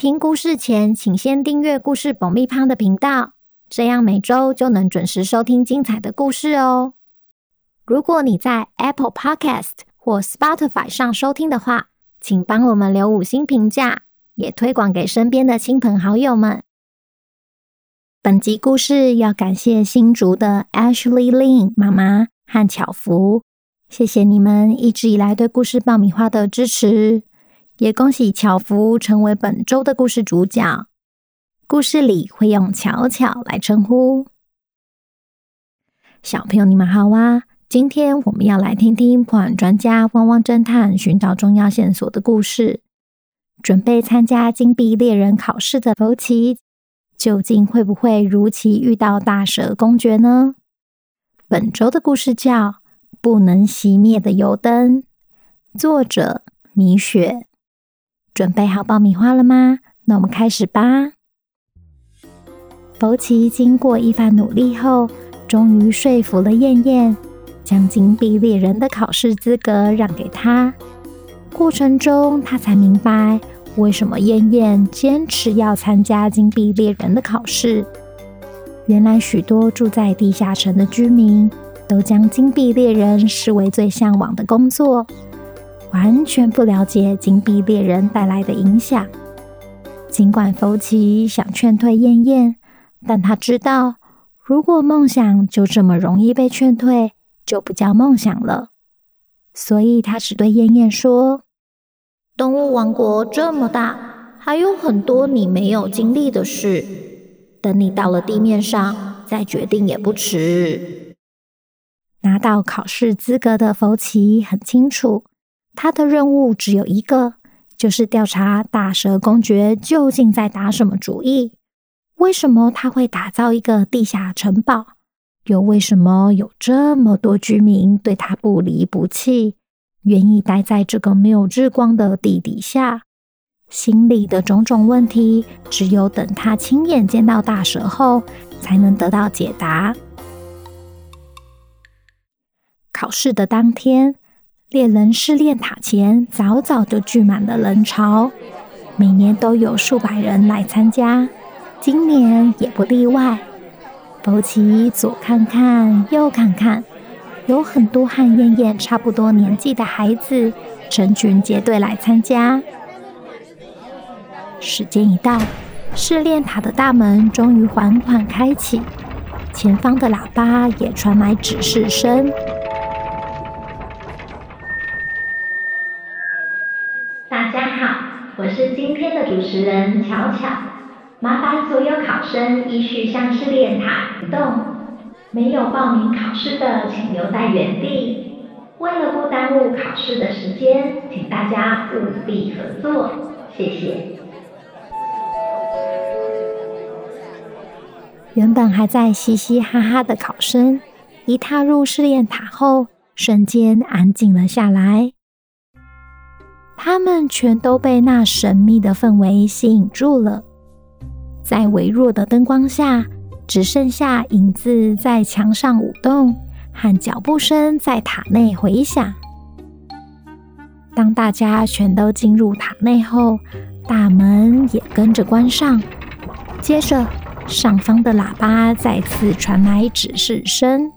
聽故事前，請先訂閱故事爆米花的頻道，這樣每周就能準時收聽精彩的故事哦。如果你在 Apple Podcast 或 Spotify 上收聽的話，請幫我們留五星評價，也推廣給身邊的親朋好友們。本集故事要感謝新竹的 Ashley Lin 媽媽和巧芙，謝謝你們一直以來對故事爆米花的支持。也恭喜巧夫成為本周的故事主角。故事裡會用巧巧來稱呼。小朋友你們好啊！今天我們要來聽聽破案專家汪汪偵探尋找重要線索的故事。準備參加金幣獵人考試的萊西，究竟會不會如期遇到大蛇公爵呢？本周的故事叫《不能熄滅的油燈》，作者米雪。準備好爆米花了嗎？那我們開始吧。福奇經過一番努力後，終於說服了燕燕，將金幣獵人的考試資格讓給她。過程中，她才明白為什麼燕燕堅持要參加金幣獵人的考試。原來，許多住在地下城的居民都將金幣獵人視為最向往的工作。完全不了解金幣獵人帶來的影響。儘管弗奇想勸退燕燕，但他知道，如果夢想就這麼容易被勸退，就不叫夢想了。所以，他只對燕燕說：“動物王國這麼大，還有很多你沒有經歷的事。等你到了地面上，再決定也不遲。”拿到考試資格的弗奇很清楚。他的任務只有一個，就是調查大蛇公爵究竟在打什麼主意。為什麼他會打造一個地下城堡？又為什麼有這麼多居民對他不離不棄，願意待在這個沒有日光的地底下？心裡的種種問題，只有等他親眼見到大蛇後，才能得到解答。考試的當天，獵人試煉塔前早早就聚滿了人潮，每年都有數百人來參加，今年也不例外。福奇左看看右看看，有很多和燕燕差不多年紀的孩子成群結隊來參加。時間一到，試煉塔的大門終於緩緩開啟，前方的喇叭也傳來指示聲。主持人巧巧，麻煩所有考生依序向試煉塔移動，沒有報名考試的請留在原地。為了不耽誤考試的時間，請大家務必合作，謝謝。原本還在嘻嘻哈哈的考生，一踏入試煉塔後，瞬間安靜了下來。他們全都被那神秘的氛圍吸引住了。在微弱的燈光下，只剩下影子在牆上舞動，和腳步聲在塔內回響。當大家全都進入塔內後，大門也跟着關上。接着，上方的喇叭再次傳來指示聲：“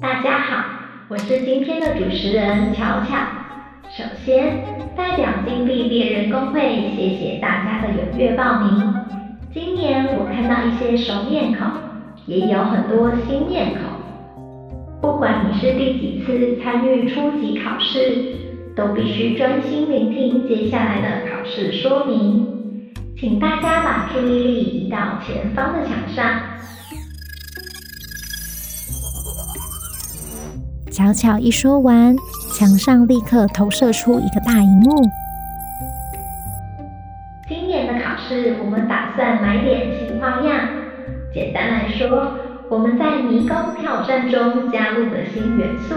大家好。”我是今天的主持人喬喬。首先，代表金幣獵人公會，謝謝大家的踴躍報名。今年我看到一些熟面孔，也有很多新面孔。不管你是第幾次參與初級考試，都必須專心聆聽接下來的考試說明。請大家把注意力移到前方的牆上。巧巧一說完，牆上立刻投射出一個大熒幕。今年的考試，我們打算買點新花樣。簡單來說，我們在迷宮挑戰中加入了新元素。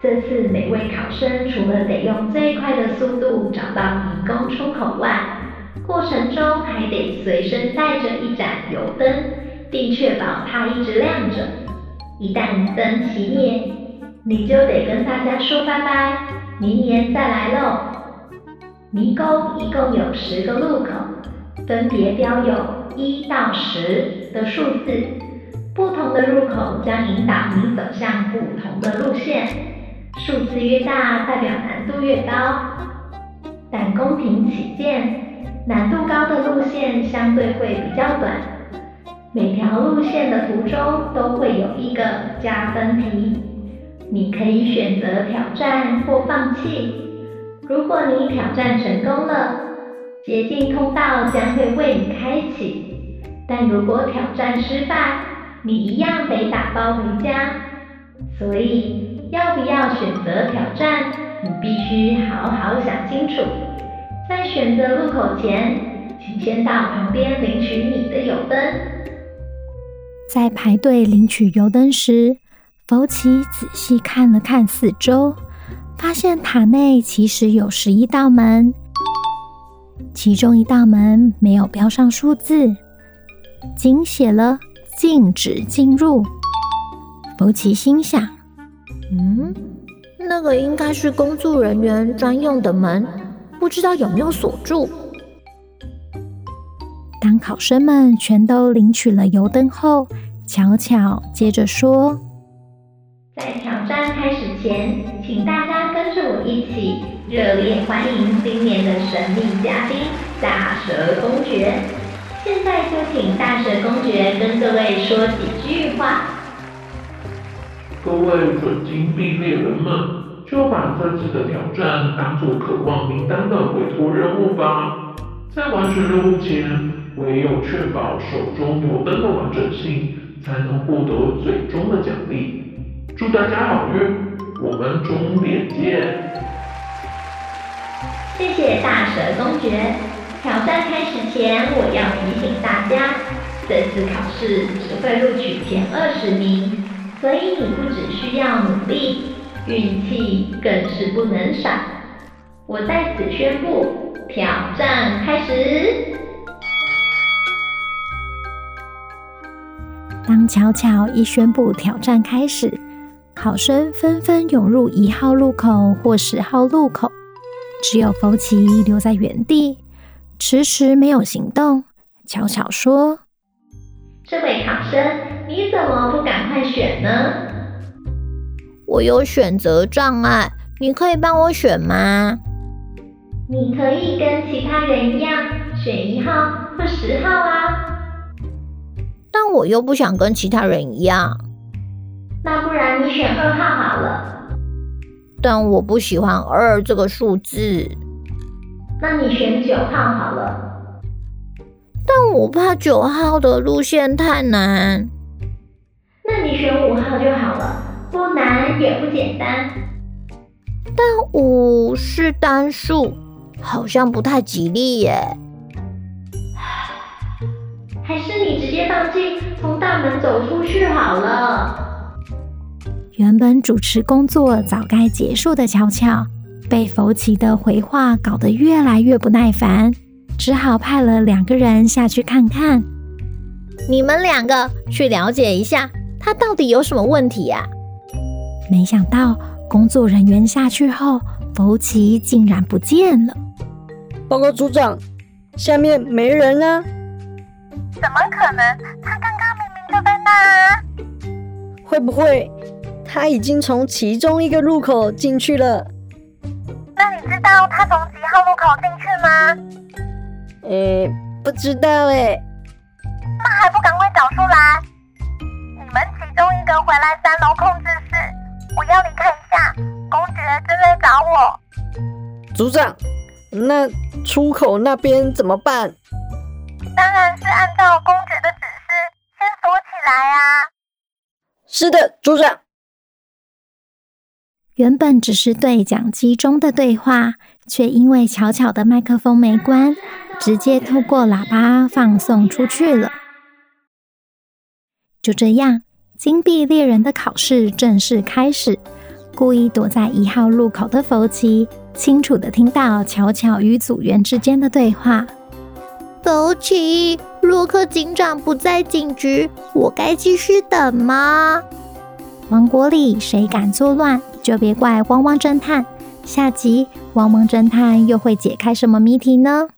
這次每位考生除了得用最快的速度找到迷宮出口外，過程中還得隨身帶着一盞油燈，並確保它一直亮着。一旦燈熄滅，你就得跟大家說拜拜，明年再來嘍。迷宮一共有十個路口，分別標有一到十的數字，不同的路口將引導你走向不同的路線，數字越大代表難度越高。但公平起見，難度高的路線相對會比較短。每條路線的途中都會有一個加分題。你可以選擇挑戰或放棄。如果你挑戰成功了，捷徑通道將會為你開啟；但如果挑戰失敗，你一樣得打包回家。所以，要不要選擇挑戰？你必須好好想清楚。在選擇路口前，請先到旁邊領取你的油燈。在排隊領取油燈時。福奇仔細看了看四周，發現塔內其實有十一道門，其中一道門沒有標上數字，僅寫了“禁止進入”。福奇心想：“嗯，那個應該是工作人員專用的門，不知道有沒有鎖住。”當考生們全都領取了油燈後，巧巧接着說。在挑戰開始前，請大家跟着我一起熱烈歡迎今年的神秘嘉賓大蛇公爵。現在就請大蛇公爵跟各位說幾句話。各位準金幣獵人們，就把這次的挑戰當作渴望名單的委托任務吧。在完成任務前，唯有確保手中油燈的完整性，才能獲得最終的獎勵。大家好運，我們終點見。嗯！謝謝大蛇公爵。挑戰開始前，我要提醒大家，這次考試只會錄取前二十名，所以你不只需要努力，運氣更是不能少。我在此宣布，挑戰開始！當喬喬一宣布挑戰開始。考生紛紛湧入一號路口或十號路口，只有福奇留在原地，遲遲沒有行動。巧巧說：“這位考生，你怎麼不趕快選呢？”“我有選擇障礙，你可以幫我選嗎？”“你可以跟其他人一樣選一號或十號啊。”“但我又不想跟其他人一樣。”那不然你選二號好了，但我不喜歡二這個數字。那你選九號好了。但我怕九號的路線太難。那你選五號就好了。不難也不簡單。但五是單數，好像不太吉利耶。還是你直接放棄，從大門走出去好了。原本主持工作早該結束的喬喬，被弗奇的回話搞得越來越不耐煩，只好派了兩個人下去看看。你們兩個去了解一下，他到底有什麼問題呀、啊？沒想到工作人員下去後，福奇竟然不見了。報告組長，下面沒人了、啊。怎麼可能？他剛剛明明就在那啊！會不會？他已經從其中一個入口進去了。那你知道他從幾號入口進去嗎？誒、欸，不知道哎、欸。那還不趕快找出來！你們其中一個回來三樓控制室，我要你看一下，公爵正在找我。組長，那出口那邊怎麼辦？當然是按照公爵的指示，先鎖起來啊。是的，組長。原本只是對講機中的對話，卻因為巧巧的麥克風沒關，直接透過喇叭放送出去了。就這樣，金幣獵人的考試正式開始。故意躲在一號路口的弗奇，清楚地聽到巧巧與組員之間的對話。弗奇，洛克警長不在警局，我該繼續等嗎？王國裡誰敢作亂？就別怪汪汪偵探，下集汪汪偵探又會解開什麼謎題呢？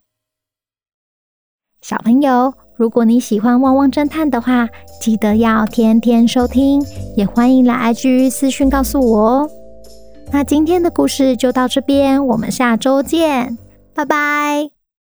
小朋友，如果你喜歡汪汪偵探的話，記得要天天收聽，也歡迎來 IG 私訊告訴我哦。那今天的故事就到這邊，我們下周見，拜拜。